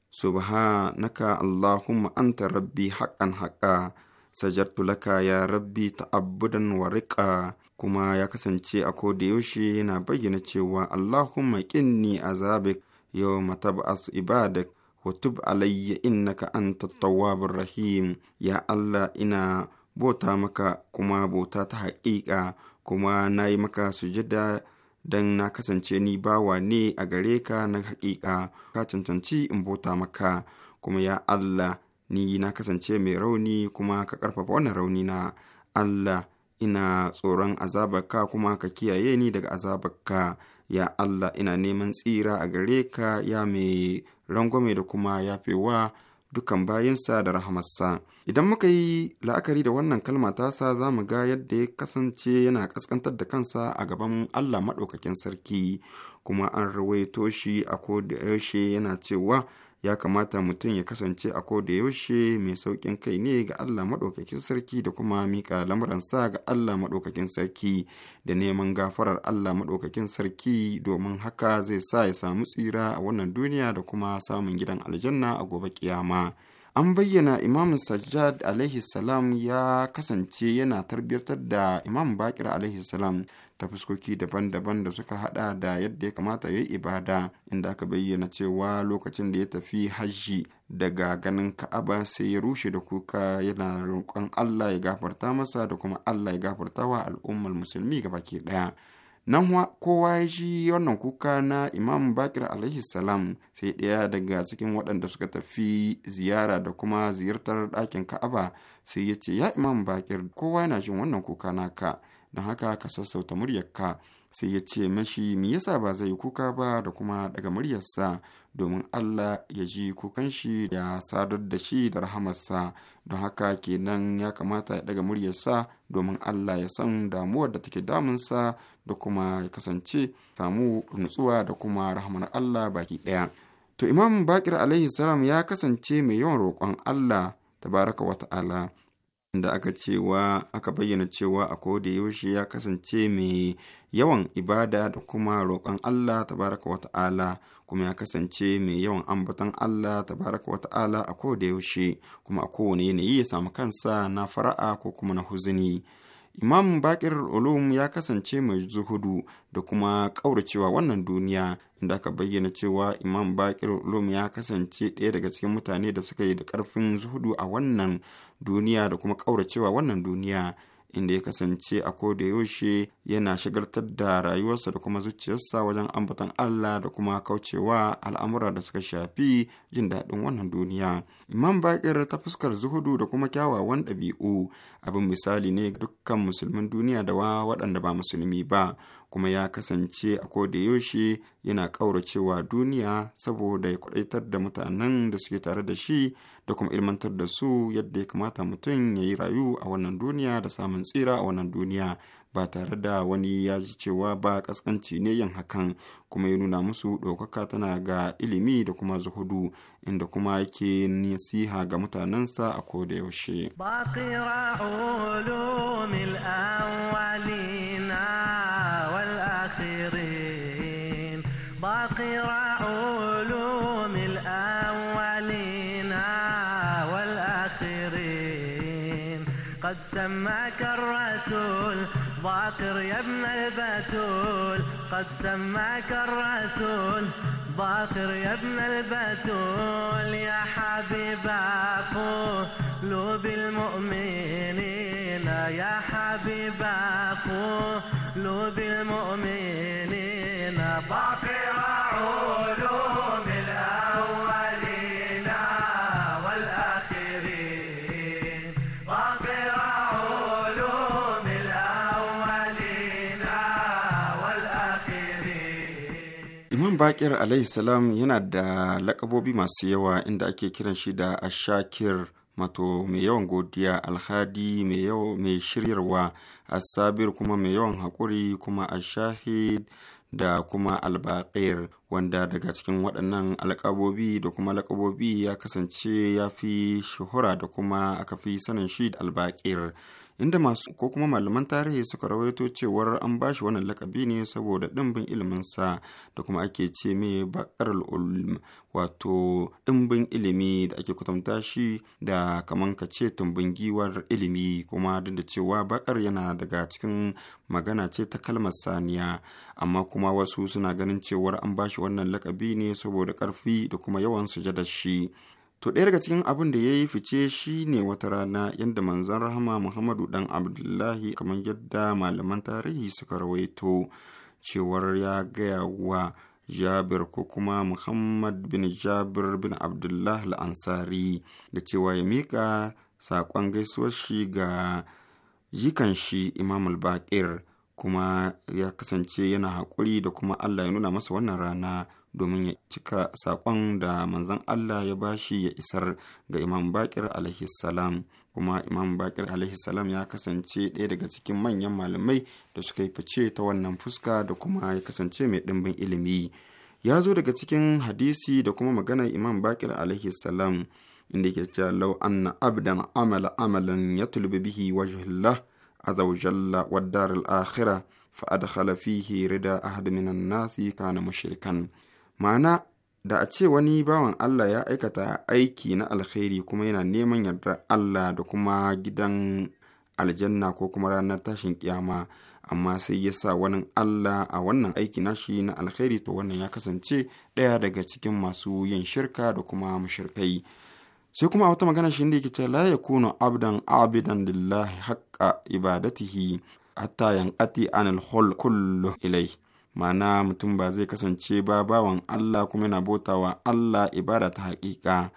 subhanaka Allahumma anta rabbi haƙan haƙa sajartu laka ya rabbi ta'abbudan wa riƙa kuma ya kasance a kodayaushe yaushe yana bayyana cewa Allahumma qinni azabik ba tab'as ibadak wa tub alayya innaka ka'an tawwabur rahim ya Allah ina bota maka kuma bota ta haƙiƙa kuma na yi maka sujada don na kasance ni bawa ne a gare ka na haƙiƙa ka cancanci in bota maka kuma ya Allah ni na kasance mai rauni kuma ka ƙarfafa wannan rauni na Allah ina tsoron azabarka kuma ka kiyaye ni daga azabarka ya Allah ina neman tsira a gare ka ya mai rangwame da kuma yafewa dukan bayansa da rahamarsa idan muka yi la'akari da wannan kalma tasa za mu ga yadda ya kasance yana kaskantar da kansa a gaban Allah maɗaukakin sarki kuma an rawaito shi a ko yaushe yana cewa ya kamata mutum ya kasance a ko da yaushe mai sauƙin kai ne ga Allah maɗaukakin sarki da kuma miƙa lamuransa ga Allah maɗaukakin sarki da neman gafarar Allah maɗaukakin sarki domin haka zai sa ya samu tsira a wannan duniya da kuma samun gidan aljanna a gobe kiyama. an bayyana imam sajjad alaihi salam ya kasance yana tarbiyyar da imam bakir alaihi salam ta fuskoki daban-daban da suka hada da yadda ya kamata ya yi ibada inda aka bayyana cewa lokacin da ya tafi hajji daga ganin ka'aba sai ya rushe da kuka yana roƙon allah ya gafarta masa da kuma allah ya gafarta wa al'ummar musulmi gabaki ɗaya nan kowa ya ji wannan kuka na imam bakir alaihi salam sai ɗaya daga cikin waɗanda suka tafi ziyara da kuma ziyartar ɗakin ka'aba sai ya ce ya imam bakir kowa yana jin wannan kuka naka da haka ka sassauta muryarka sai ya ce mashi me yasa ba zai yi kuka ba da kuma daga muryarsa domin Allah ya ji kukan shi ya sadar da shi da rahamarsa don haka kenan ya kamata ya daga muryarsa domin Allah ya san damuwar da take damunsa da kuma ya kasance samu nutsuwa da kuma rahamar Allah baki ɗaya. To Imam Bakir alaihi salam ya kasance mai yawan roƙon Allah tabaraka wa ta'ala da aka cewa aka bayyana cewa a koda yaushe ya kasance mai yawan ibada da kuma roƙon Allah tabaraka wa ta'ala kuma ya kasance mai yawan ambaton Allah tabaraka wa ta'ala a koda yaushe kuma a kowane yanayi ya samu kansa na fara'a ko kuma na huzuni Imam Bakir ulum ya kasance mai zuhudu da kuma ƙauracewa wannan duniya inda aka bayyana cewa Imam Bakir ulum ya kasance ɗaya daga cikin mutane da suka yi da ƙarfin zuhudu a wannan duniya da kuma ƙauracewa wannan duniya inda ya kasance a ko da yaushe yana shagartar da rayuwarsa da kuma zuciyarsa wajen ambaton Allah da kuma kaucewa al'amura da suka shafi jin daɗin wannan duniya. Imam Bakir ta fuskar zuhudu da kuma kyawawan ɗabi'u abin misali ne dukkan musulmin duniya da wa waɗanda ba musulmi ba. kuma ya kasance a koda yaushe yana ƙauracewa duniya saboda ya kwaɗaitar da mutanen da suke tare da shi da kuma ilmantar da su yadda ya kamata mutum ya yi rayu a wannan duniya da samun tsira a wannan duniya ba tare da wani ya ji cewa ba kaskanci ne yin hakan kuma ya nuna musu ɗaukaka tana ga ilimi da kuma zuhudu inda kuma yake nasiha ga mutanensa a koda yaushe. قد سماك الرسول باقر يا ابن البتول قد سماك الرسول باقر يا ابن البتول يا حبيب لوب المؤمنين يا حبيب لوب المؤمنين باقر علوم bakir alaihi salam yana da lakabobi masu yawa inda ake kiran shi da ashakir mato mai yawan godiya alhadi mai shiryarwa asabir kuma mai yawan haƙuri kuma ashahid da kuma albaƙir wanda daga cikin waɗannan alƙabobi da kuma lakabobi ya kasance ya fi shahura da kuma aka fi sanin shi da albaƙir inda masu ko kuma malaman tarihi suka rawaito cewar an ba shi wannan lakabi ne saboda ɗimbin iliminsa da kuma ake ce mai bakar ulm wato ɗimbin ilimi da ake kwatanta shi da kaman ka ce tumbin giwar ilimi kuma duk da cewa bakar yana daga cikin magana ce ta kalmar saniya amma kuma wasu suna ganin cewar an ba shi wannan lakabi ne saboda ƙarfi da kuma yawan sujadar shi To ɗaya daga cikin abin da ya yi fice shi ne wata rana yadda manzon rahama Muhammadu ɗan Abdullahi kamar yadda malaman tarihi suka rawaito cewar ya gaya wa Jabir ko kuma Muhammad bin Jabir bin Abdullahi la'Ansari? da cewa ya miƙa saƙon gaisuwar shi ga jikan shi Imam al kuma ya kasance yana haƙuri da kuma Allah ya nuna masa wannan rana domin ya cika saƙon da manzon Allah ya bashi ya isar ga Imam Bakir alaihi salam kuma Imam Bakir alaihi salam ya kasance ɗaya daga cikin manyan malamai da suka yi fice ta wannan fuska da kuma ya kasance mai ɗimbin ilimi ya zo daga cikin hadisi da kuma maganar Imam Bakir alaihi salam inda yake cewa law anna abdan amala amalan ya yatlubu bihi wajhullah azza wa jalla wad dar da akhirah fa adkhala fihi rida ahad min an kana mushrikan ma'ana da a ce wani bawan Allah ya aikata aiki na alkhairi kuma yana neman yardar Allah da kuma gidan aljanna ko kuma ranar tashin kiyama amma sai ya sa wani Allah a wannan aiki nashi na alkhairi to wannan ya kasance ɗaya daga cikin masu yin shirka da kuma mushirkai sai kuma wata magana shi yake ce la yakunu abdan abidan lillahi haqqa ibadatihi hatta yanqati anil khul kullu ilai. ma'ana mutum ba zai kasance ba bawan Allah kuma yana bauta wa Allah ibada ta haƙiƙa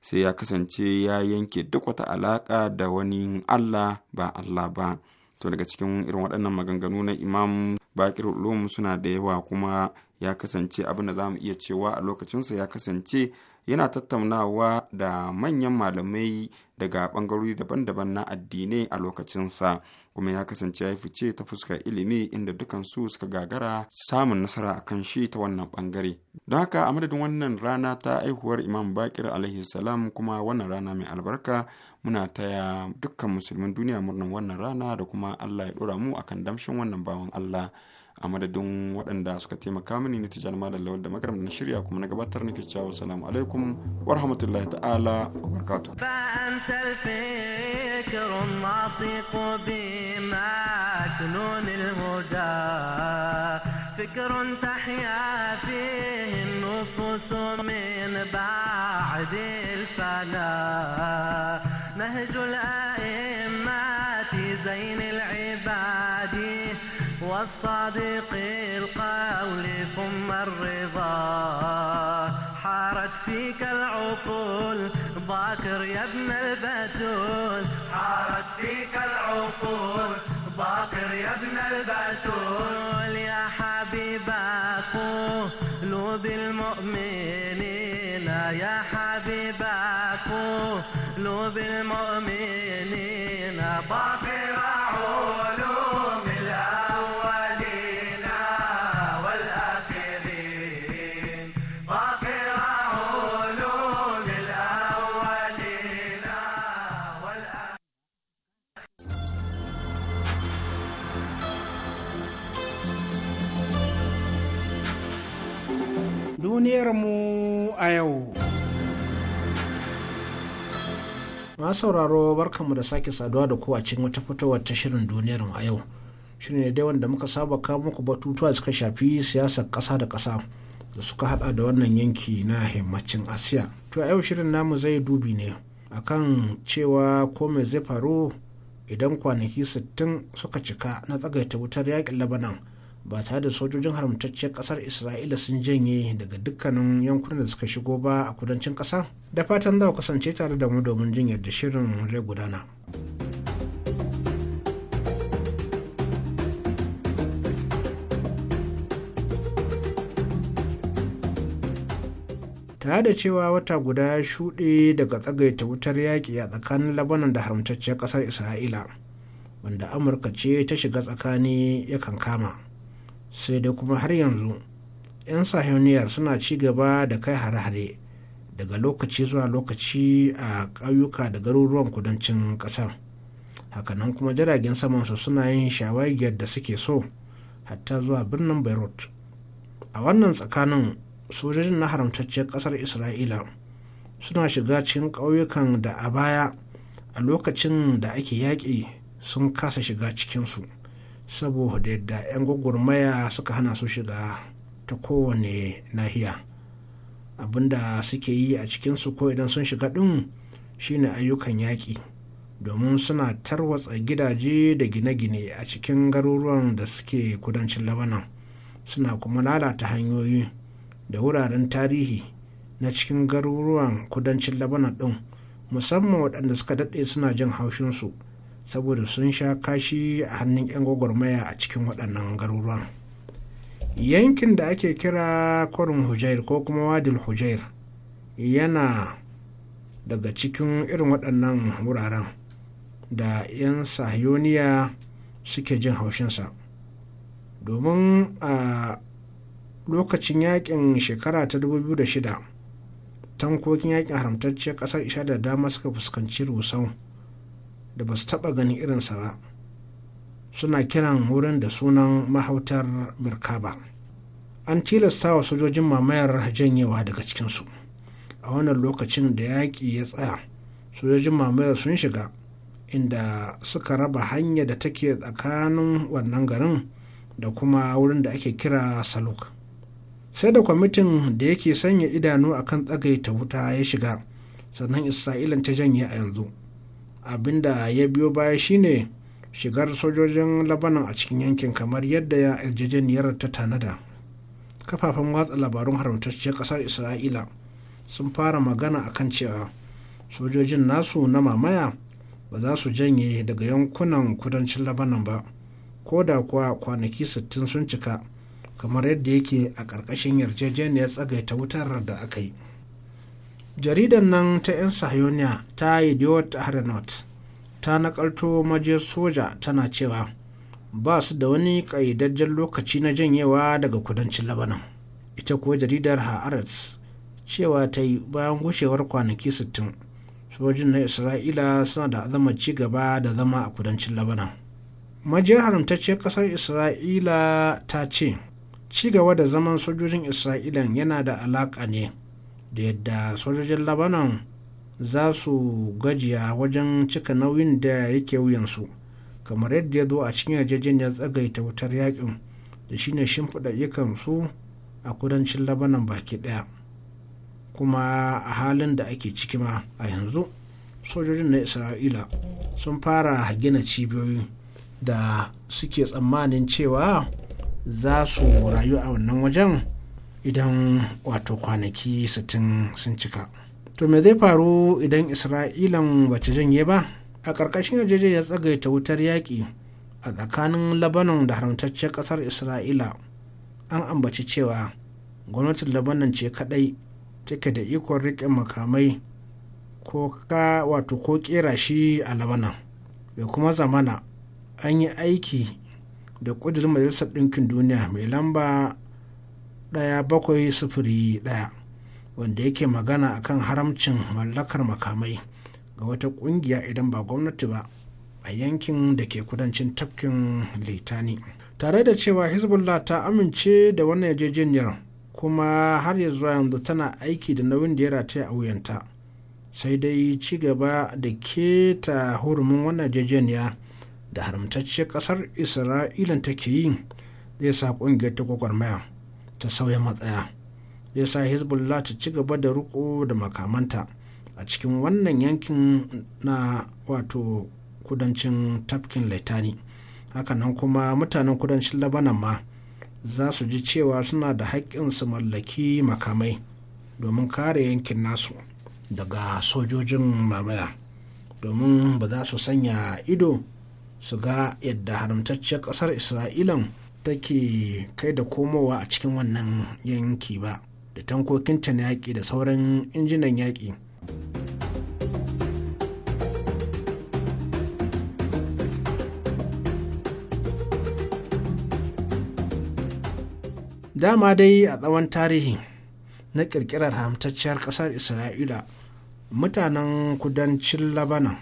sai ya kasance ya yanke duk wata alaƙa da wani Allah ba Allah ba to daga cikin irin waɗannan maganganu na imam bakir ulum suna da yawa kuma ya kasance abin da za mu iya cewa a lokacinsa ya kasance yana tattaunawa da manyan malamai daga ɓangarori daban-daban na addinai a lokacinsa kuma ya kasance ya yi fice ta fuskar ilimi inda dukan su suka gagara samun nasara a kan shi ta wannan bangare don haka a madadin wannan rana ta aihuwar imam bakir alaihi salam kuma wannan rana mai albarka muna taya dukkan musulman duniya murnan wannan rana da kuma allah ya dora mu akan damshin wannan bawan allah a madadin waɗanda suka taimaka mini na tijjani malam lawal da makaram na shirya kuma na gabatar nake cewa assalamu alaikum wa rahmatullahi ta'ala wa barakatuh فكر تحيا فيه النفوس من بعد الفناء نهج الأئمة زين العباد والصادق القول ثم الرضا حارت فيك العقول باكر يا ابن البتول حارت فيك العقول باكر يا ابن البتول يا حبيب قلوب المؤمنين يا حبيب قلوب قلوب المؤمنين باطل علوم الأولين والآخرين باطل علوم الأولين والآخرين duniyarmu a yau masu sauraro barkanmu da sake saduwa da kowa cikin wata fitowar ta shirin duniyar a yau shirin ne dai wanda muka saba kawo muku batutuwa suka shafi siyasar kasa da kasa da suka hada da wannan yanki na himmacin asiya to a yau shirin namu zai dubi ne akan cewa ko me zai faru idan kwanaki 60 suka cika na tsagaita wutar yakin labanan ba tare da sojojin haramtacciyar kasar isra'ila sun janye daga dukkanin yankunan da suka shigo ba a kudancin kasa da fatan za kasance tare da mu domin jin yadda shirin zai gudana tare da cewa wata guda ya shuɗe daga tsagaita wutar yaƙi a tsakanin labanan da haramtacciyar ƙasar isra'ila wanda amurka ce ta shiga tsakani ya kankama kama sai dai kuma har yanzu 'yan sahiyoniyar suna ci gaba da kai hare-hare daga lokaci zuwa lokaci a ƙauyuka da garuruwan kudancin ƙasar hakanan kuma jiragen samansu suna yin shawagiyar da suke so hatta zuwa birnin beirut a wannan tsakanin sojojin na haramtacciyar ƙasar isra'ila suna shiga cikin ƙauyukan da a baya a lokacin da ake yaƙi sun kasa shiga cikinsu saboda yadda 'yan gwagwarmaya suka hana su shiga ta kowane nahiya abinda suke yi a cikinsu ko idan sun shiga ɗin shine ayyukan yaƙi domin suna tarwatsa gidaje da gine-gine a cikin garuruwan da suke kudancin labanan suna kuma lalata hanyoyi da wuraren tarihi na cikin garuruwan kudancin labanan ɗin musamman waɗanda suka daɗe suna jin haushinsu. su saboda sun sha kashi a hannun 'yan gwagwarmaya a cikin waɗannan garuruwan yankin da ake kira kwarin hujair ko kuma wadil hujair yana daga cikin irin waɗannan wuraren da 'yan sahiyoniya suke jin haushinsa domin a lokacin yakin shekara ta 2006 tankokin yakin haramtacce ƙasar isha da dama suka fuskanci rusau da ba su taɓa ganin irinsa ba suna kiran wurin da sunan mahautar mirkaba an tilasta wa sojojin mamayar janyewa daga cikinsu a wannan lokacin da yaƙi ya tsaya sojojin mamayar sun shiga inda suka raba hanya da take tsakanin wannan garin da kuma wurin da ake kira saluk sai da kwamitin da yake sanya idanu akan tsagaita wuta ya shiga sannan isra'ilan ta janye a yanzu Abin da ya biyo baya shine shigar sojojin labanan a cikin yankin kamar yadda ya yarjejeniyar ta tanada kafafen watsa labarun haramtacciyar kasar isra'ila sun fara magana a kan cewa sojojin nasu na mamaya ba za su janye daga yankunan kudancin labanan ba ko da kuwa kwanaki 60 sun cika kamar yadda yake a ƙarƙashin yarjejeniyar tsagaita wutar da aka yi jaridar nan ta 'yan sahiyoniya ta idiot haranot ta nakalto majiyar soja tana cewa ba su da wani ƙayyadajjen lokaci na janyewa daga kudancin labanan ita kuwa jaridar haaretz cewa ta yi bayan gushewar kwanaki 60 sojin na isra'ila suna da azama ci gaba da zama a kudancin labanan majiyar haramtacciyar kasar isra'ila ta ce ci gaba da zaman sojojin isra'ilan yana da alaƙa ne da yadda sojojin labanan za su gajiya wajen cika nauyin da yake wuyansu kamar yadda ya zo a cikin yarjejeniyar tsagaita wutar yakin da shine shimfiɗa su a kudancin labanan baki ɗaya kuma a halin da ake ciki ma a yanzu sojojin na isra'ila sun fara gina cibiyoyi da suke tsammanin cewa za su rayu a wannan wajen idan wato kwanaki 60 sun cika to me zai faru idan isra'ilan bata ta janye ba a ƙarƙashin ya tsagaita wutar yaƙi a tsakanin labanon da haramtacciyar ƙasar isra'ila an ambaci cewa gwamnatin labanon ce kaɗai take da ikon riƙe makamai ko ka wato ko ƙera shi a labanon da kuma zamana an yi aiki da ƙudurin majalisar ɗinkin duniya mai lamba 1701 wanda yake magana akan haramcin mallakar makamai ga wata kungiya idan ba gwamnati ba a yankin da ke kudancin tafkin litani tare da cewa hezbollah ta amince da wannan yarjejeniyar kuma har ya yanzu tana aiki da nauyin da ya rataya a wuyanta sai dai ci gaba da keta hurumin wannan yarjejeniya da haramtacciyar kasar isra'ilan take yi zai sa kungiyar ta gwagwarmaya ta sauya matsaya zai sa hezbollah ta ci gaba da riko da makamanta a cikin wannan yankin na wato kudancin tafkin laitani hakanan kuma mutanen kudancin labanan ma za su ji cewa suna da haƙƙin su mallaki makamai domin kare yankin nasu daga sojojin mamaya domin ba za su sanya ido su ga yadda haramtacciyar ƙasar isra'ilan take kai da komowa a cikin wannan yanki ba da tankokinta na yaƙi da sauran injinan yaƙi dama dai a tsawon tarihi na ƙirƙirar Hamtacciyar ƙasar isra'ila mutanen kudancin labanan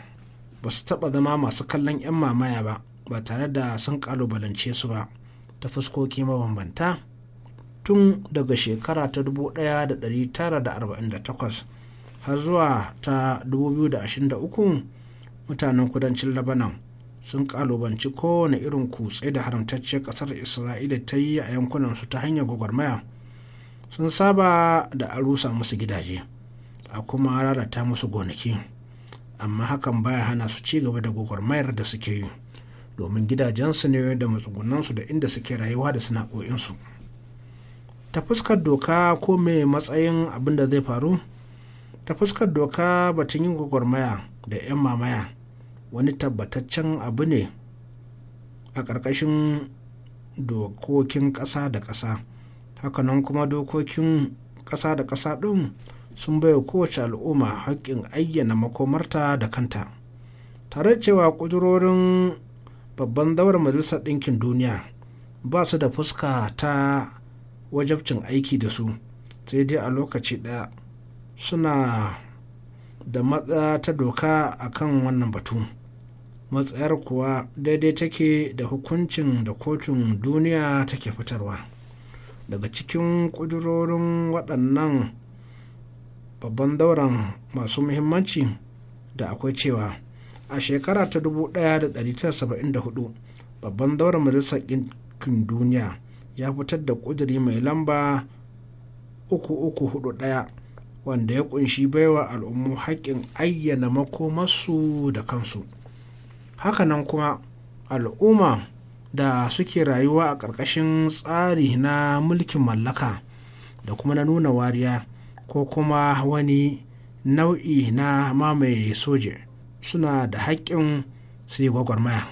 ba su taɓa zama masu kallon 'yan mamaya ba ba tare da sun ƙalubalance su ba ta fuskoki mabambanta tun daga shekara ta 1948 har zuwa ta 2023 mutanen kudancin labanan sun kalubanci kowane irin kutse da haramtacciyar kasar isra'ila ta yi a yankunansu ta hanyar gwagwarmaya sun saba da arusa musu gidaje a kuma rarata musu gonaki amma hakan baya hana su ci gaba da gwagwarmayar da suke yi domin gidajensu ne da matsugunansu da inda suke rayuwa da sana'o'insu ta fuskar doka ko mai matsayin abin da zai faru ta fuskar doka batun yin gwagwarmaya da 'yan mamaya wani tabbataccen abu ne a ƙarƙashin dokokin ƙasa da ƙasa hakanan kuma dokokin ƙasa da ƙasa ɗin sun bai wa kowace al'umma haƙƙin ayyana makomarta da kanta tare cewa ƙudurorin babban daura majalisar ɗinkin duniya ba su da fuska ta wajabcin aiki da su sai dai a lokaci ɗaya suna da matsa ta doka a kan wannan batu matsayar kuwa daidai take da hukuncin da kotun duniya take fitarwa daga cikin ƙudurorin waɗannan babban dauran masu muhimmanci da akwai cewa a shekara ta 1974 babban zauren majalisar ɗinkin duniya ya fitar da ƙuduri mai lamba 3341 wanda ya kunshi baiwa al'ummu haƙƙin ayyana makomarsu da kansu hakanan kuma al'umma da suke rayuwa a ƙarƙashin tsari na mulkin mallaka da kuma na nuna wariya ko kuma wani nau'i na mamaye soje suna da haƙƙin su yi gwagwarmaya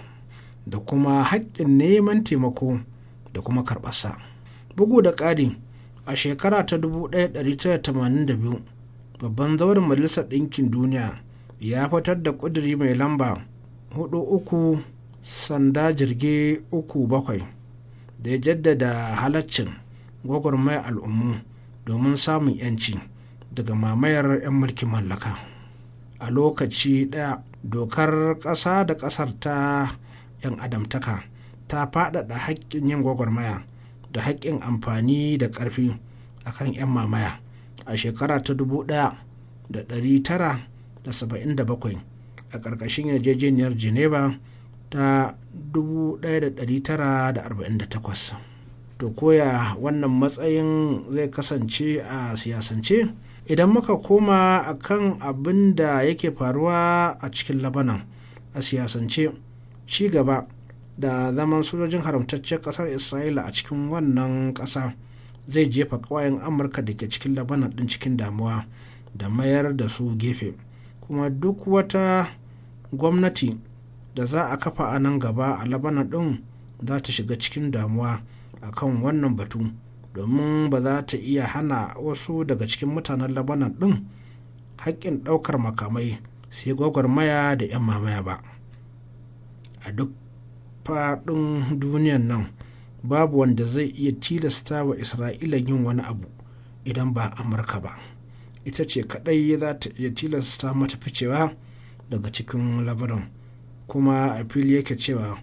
da kuma haƙƙin neman taimako da kuma karɓarsa bugu da ƙari a shekara ta 1982 babban zauren majalisar ɗinkin duniya ya fitar da ƙuduri mai lamba 4-3 sanda jirge 3-7 da ya jaddada halaccin gwagwarmaya al'ummu domin samun 'yanci daga mamayar 'yan mulkin mallaka. a lokaci ɗaya dokar ƙasa da ƙasar ta 'yan adamtaka ta faɗaɗa haƙƙin yin gwagwarmaya da haƙƙin amfani da ƙarfi a kan 'yan mamaya a shekara ta 1977 a ƙarƙashin yarjejeniyar geneva ta 1948 to koya wannan matsayin zai kasance a siyasance idan muka koma a kan abin da yake faruwa a cikin labanan a siyasance ci gaba da zaman sojojin haramtaccen kasar isra'ila a cikin wannan kasa zai jefa kawayen amurka da ke cikin labanan din cikin damuwa da mayar da su gefe kuma duk wata gwamnati da za a kafa a nan gaba a labanan din za ta shiga cikin damuwa akan wannan batu domin ba za ta iya hana wasu daga cikin mutanen labanan ɗin haƙƙin ɗaukar makamai sai gwagwarmaya da 'yan mamaya ba a duk faɗin duniyan nan babu wanda zai iya tilasta wa isra'ila yin wani abu idan ba amurka ba ita ce kaɗai za ta iya tilasta mata ficewa daga cikin labaran kuma a fili yake cewa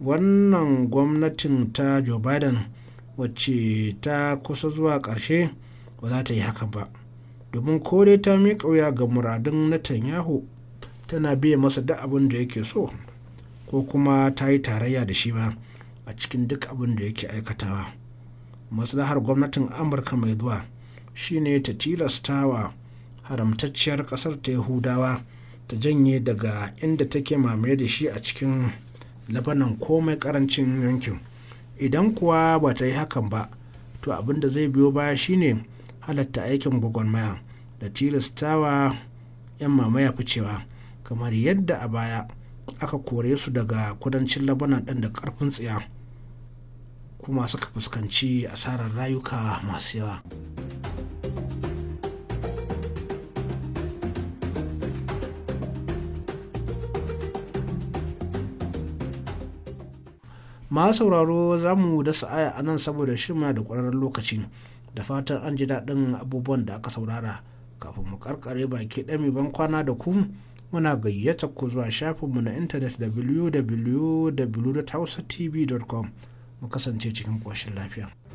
wannan gwamnatin ta joe biden wacce ta kusa zuwa ƙarshe ba za ta yi hakan ba domin ko dai ta miƙa wuya ga muradun Netanyahu tana biya masa duk abin da yake so ko kuma ta yi tarayya da shi ba a cikin duk abin da yake aikatawa maslahar gwamnatin amurka mai zuwa shine ta tilasta wa haramtacciyar ƙasar ta yahudawa ta janye daga inda take mamaye da shi a cikin labanan komai karancin yankin idan kuwa ba ta yi hakan ba to abin da zai biyo baya shine halatta aikin gwagwarmaya da tilastawa 'yan mamaya ficewa kamar yadda a baya aka kore su daga kudancin labanan ɗin da ƙarfin tsiya kuma suka fuskanci asarar rayuka masu yawa. ma sauraro za mu da aya a nan saboda shi shirma da ƙwararren lokaci da fatan an ji daɗin abubuwan da aka saurara kafin mu karkare baki ɗami ban kwana da ku muna gayyata ku zuwa shafinmu na intanet www.hausatv.com mu kasance cikin ƙoshin lafiya.